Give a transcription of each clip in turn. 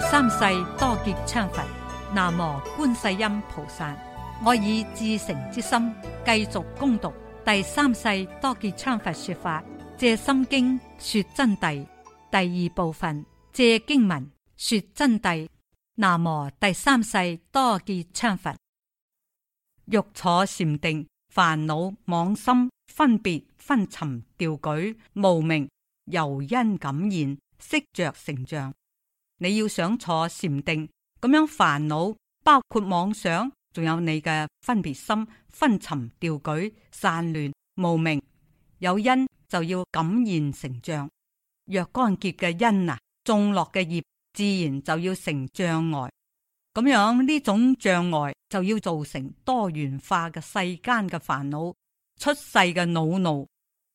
第三世多杰羌佛，南無觀世音菩薩。我以至誠之心，繼續攻讀第三世多杰羌佛說法《借心經》說真諦第二部分《借經文說真諦》，南無第三世多杰羌佛。欲坐禪定，煩惱妄心分別分尋掉舉，無明、由因感現，識着、成像。你要想坐禪定，咁樣煩惱包括妄想，仲有你嘅分別心、昏沉掉舉、散亂無明。有因就要感染成障。若干結嘅因啊，種落嘅業，自然就要成障礙。咁樣呢種障礙就要造成多元化嘅世間嘅煩惱，出世嘅惱怒，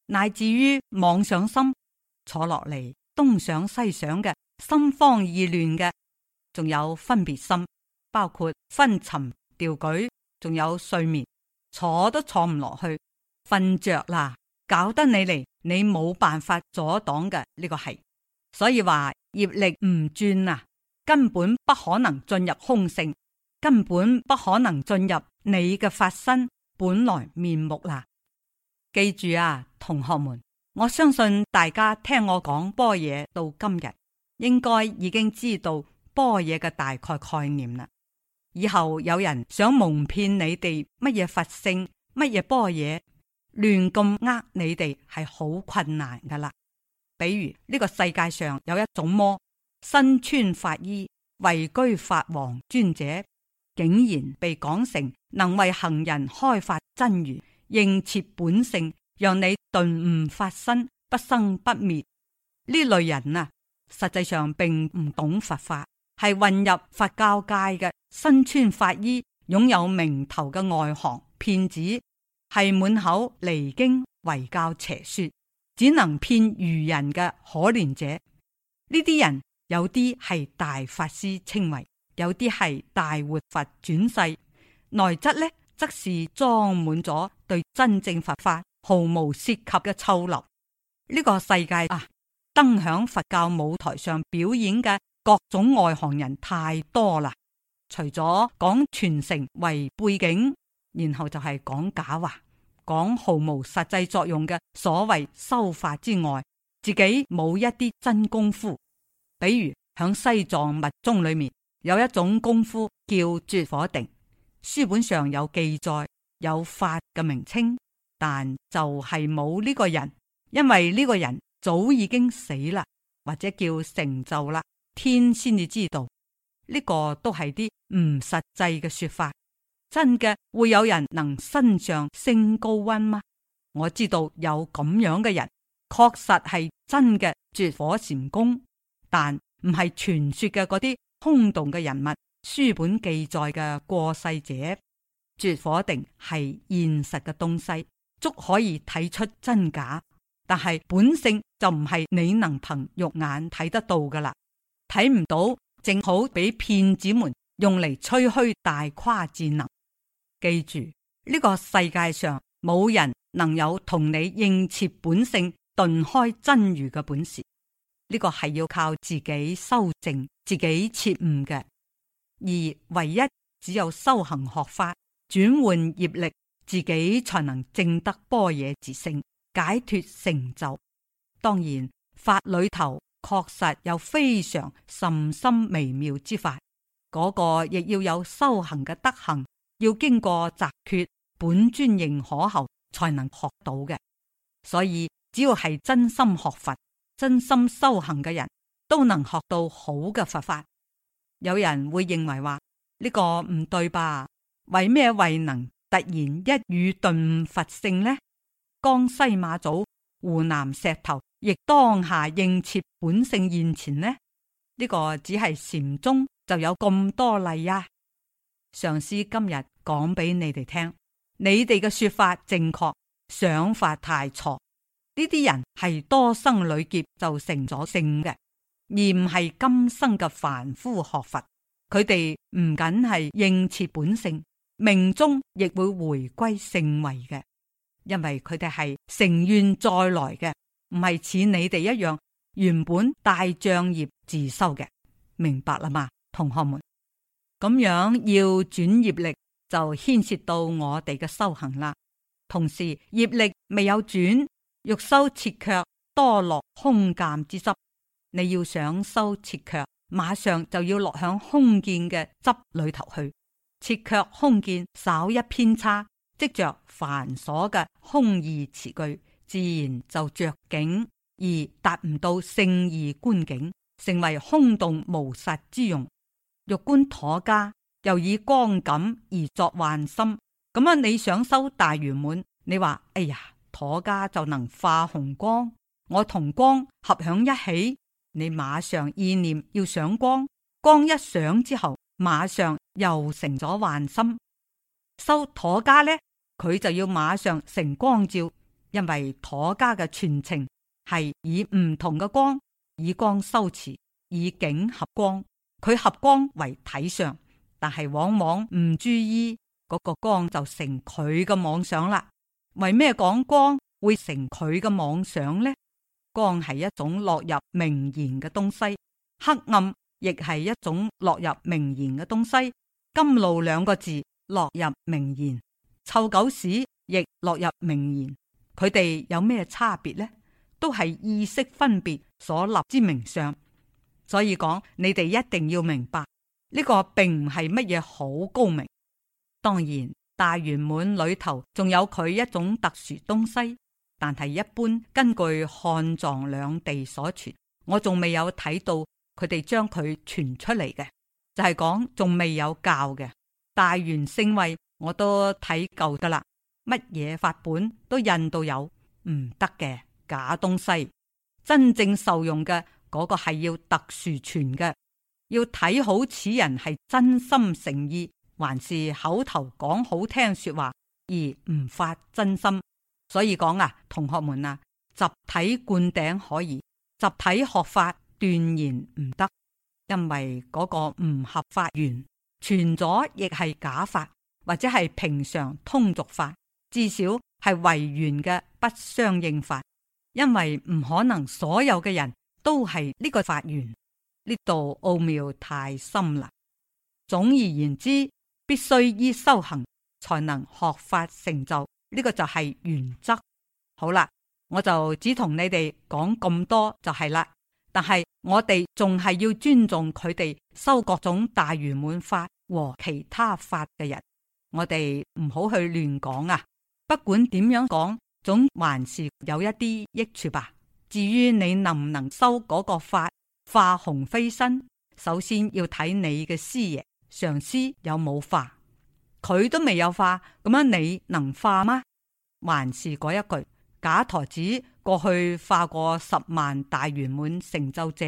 乃至於妄想心坐落嚟東想西想嘅。心慌意亂嘅，仲有分別心，包括昏沉調舉，仲有睡眠，坐都坐唔落去，瞓着啦，搞得你嚟，你冇辦法阻擋嘅呢個係，所以話業力唔轉啊，根本不可能進入空性，根本不可能進入你嘅法身本來面目啦。記住啊，同學們，我相信大家聽我講般若到今日。應該已經知道般若嘅大概概念啦。以後有人想蒙騙你哋乜嘢佛性、乜嘢般若亂咁呃你哋係好困難噶啦。比如呢、這個世界上有一種魔，身穿法衣、位居法王尊者，竟然被講成能為行人開發真如、應切本性，讓你頓悟法身不生不滅呢類人啊！實際上並唔懂佛法，係混入佛教界嘅身穿法衣、擁有名頭嘅外行騙子，係滿口離經違教邪說，只能騙愚人嘅可憐者。呢啲人有啲係大法師稱為，有啲係大活佛轉世，內質呢則是裝滿咗對真正佛法毫無涉及嘅臭流。呢個世界啊！登響佛教舞台上表演嘅各種外行人太多啦，除咗講傳承為背景，然後就係講假話，講毫無實際作用嘅所謂修法之外，自己冇一啲真功夫。比如響西藏密宗裏面有一種功夫叫拙火定，書本上有記載有法嘅名稱，但就係冇呢個人，因為呢個人，早已經死啦，或者叫成就啦，天先至知道。呢個都係啲唔實際嘅說法。真嘅會有人能身上升高溫嗎？我知道有咁樣嘅人，確實係真嘅絕火禪功，但唔係傳說嘅嗰啲空洞嘅人物。書本記載嘅過世者絕火定係現實嘅東西，足可以睇出真假。但係本性就唔係你能憑肉眼睇得到噶啦，睇唔到正好俾騙子們用嚟吹噓大誇自能。記住呢個世界上冇人能有同你應切本性頓開真如嘅本事，呢個係要靠自己修正自己切悟嘅，而唯一只有修行學法轉換業力，自己才能證得般若自性。解脫成就，當然法裏頭確實有非常甚深微妙之法，嗰、那個亦要有修行嘅德行，要經過擇決本尊認可後，才能學到嘅。所以，只要係真心學佛、真心修行嘅人，都能學到好嘅佛法。有人會認為話呢、這個唔對吧？為咩惠能突然一語頓悟佛性呢？江西馬祖、湖南石頭，亦當下應切本性現前呢？呢、這個只係禪宗就有咁多例呀、啊。上師今日講俾你哋聽，你哋嘅說法正確，想法太錯。呢啲人係多生累劫就成咗聖嘅，而唔係今生嘅凡夫學佛。佢哋唔僅係應切本性，命中亦會回歸聖位嘅。因為佢哋係乘願再來嘅，唔係似你哋一樣原本大障業自修嘅，明白啦嘛，同學們。咁樣要轉業力，就牽涉到我哋嘅修行啦。同時業力未有轉，欲修切卻多落空見之執。你要想修切卻，馬上就要落響空見嘅執裏頭去，切卻空見稍一偏差。執着繁瑣嘅空意詞句，自然就着境，而達唔到聖義觀景，成為空洞無實之用。欲觀妥家，又以光感而作幻心。咁啊，你想修大圓滿？你話哎呀，妥家就能化紅光，我同光合響一起，你馬上意念要上光，光一上之後，馬上又成咗幻心。修妥家呢，佢就要馬上成光照，因為妥家嘅傳承，係以唔同嘅光以光修持，以景合光，佢合光為體上，但係往往唔注意個、那個光就成佢嘅妄想啦。為咩講光會成佢嘅妄想呢？光係一種落入名言嘅東西，黑暗亦係一種落入名言嘅東西。甘露兩個字。落入名言，臭狗屎亦落入名言。佢哋有咩差別呢？都係意識分別所立之名相，所以講你哋一定要明白呢個並唔係乜嘢好高明。當然大圓滿裏頭仲有佢一種特殊東西，但係一般根據漢藏兩地所傳，我仲未有睇到佢哋將佢傳出嚟嘅，就係講仲未有教嘅。大元聖位，我都睇夠得啦。乜嘢法本都印到有，唔得嘅假東西。真正受用嘅嗰、那個係要特殊傳嘅，要睇好此人係真心誠意，還是口頭講好聽說話而唔發真心。所以講啊，同學們啊，集體灌頂可以，集體學法斷言唔得，因為嗰個唔合法緣。傳咗亦係假法，或者係平常通俗法，至少係唯圓嘅不相應法，因為唔可能所有嘅人都係呢個法源，呢度奧妙太深啦。總而言之，必須依修行才能學法成就，呢、這個就係原則。好啦，我就只同你哋講咁多就係啦，但係我哋仲係要尊重佢哋修各種大圓滿法。和其他法嘅人，我哋唔好去亂講啊！不管點樣講，總還是有一啲益處吧、啊。至於你能唔能修嗰個法化虹飛身，首先要睇你嘅師爺、上師有冇化，佢都未有化，咁樣你能化嗎？還是嗰一句噶陀寺過去化過十萬大圓滿成就者，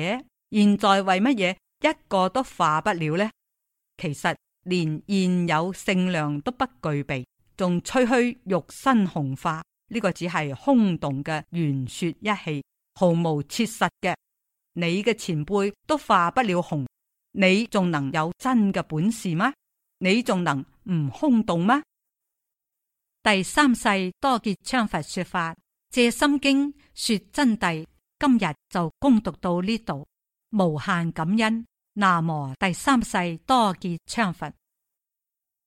現在為乜嘢一個都化不了呢？其實連現有聖量都不具備，仲吹噓肉身虹化，呢、呢個只係空洞嘅玄說一氣，毫無切實嘅。你嘅前輩都化不了虹，你仲能有真嘅本事嗎？你仲能唔空洞嗎？第三世多杰羌佛說法《藉心經》說真諦，今日就恭讀到呢度，無限感恩。南無第三世多杰羌佛。